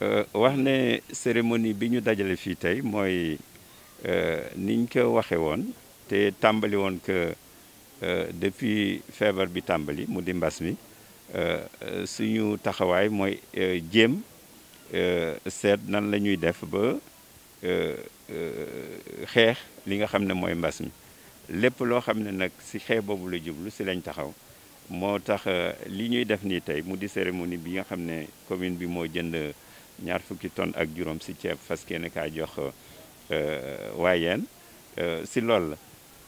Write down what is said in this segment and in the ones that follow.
Euh, wax ne cérémonie bi ñu dajale fii tey mooy euh, niñ ko waxe woon te tàmbali woon que euh, depuis feebar bi tàmbali mu di mbas mi suñu taxawaay mooy jéem seet nan la ñuy def ba xeex li nga xam ne mooy mbas mi lépp loo xam ne nag si xeex boobu la jublu si lañ taxaw moo tax li ñuy def nii tey mu di cérémonie bi nga xam ne commune bi moo jënd ñaar fukki tonnes ak juróom si ceeb fas ne kaa jox euh, waayeen euh, si lool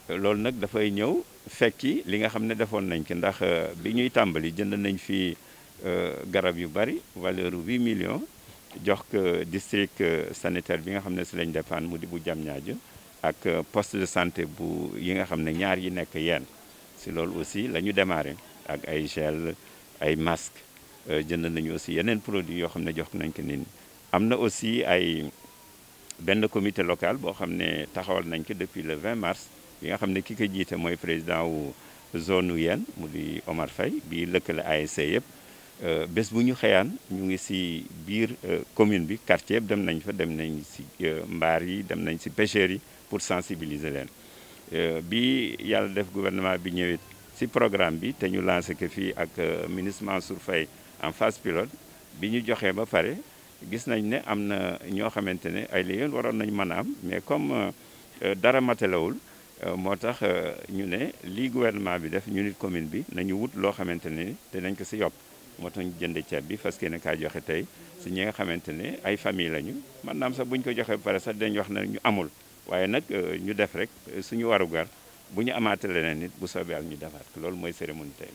la loolu nag dafay ñëw fekki li nga xam ne defoon nañ ki ndax euh, bi ñuy tàmbali jënd nañ fi garab yu bari valeur bu 8 millions jox ko district sanitaire bi nga xam ne si lañ dépendre mu di bu jam Diamniadio ak poste de santé bu yi nga xam ne ñaar yi nekk yeen si loolu aussi la ñu démarré ak ay gel ay masque Euh, jënd nañu aussi yeneen produit yoo xam ne jox nañ ko nit am na aussi ay benn commité local boo xam ne taxawal nañ ko depuis le 20 mars bi nga xam ne ki ko jiite mooy président wu zone yenn mu di Omar bii bi lëkkale ASC yëpp euh, bés bu ñu xëyaan ñu ngi si biir euh, commune bi quartier yëpp dem nañ fa dem nañ si mbaar yi dem nañ si pêcheurs yi pour sensibiliser leen bi yàlla def gouvernement bi ñëwit si programme bi te ñu lance ko fii ak ministre Mansour Faye en phase pilote bi ñu joxee ba pare gis nañ ne am na ñoo xamante ne ay liggéey waroon nañu mën a am mais comme euh, dara matalawul euh, moo tax euh, ñu ne lii gouvernement bi def ñu nit commune bi nañu wut loo xamante ne dinañ ko si yopp moo tax ñu jënd ceeb bi fas yéene kaa joxe tey si ñi nga xamante ne ay famille lañu man naam sax bu ko joxee ba pare sax dañ wax na ñu amul waaye nag ñu def rek suñu warugar bu ñu amaate leneen nit bu soobee ak ñu defaat loolu mooy cérémonie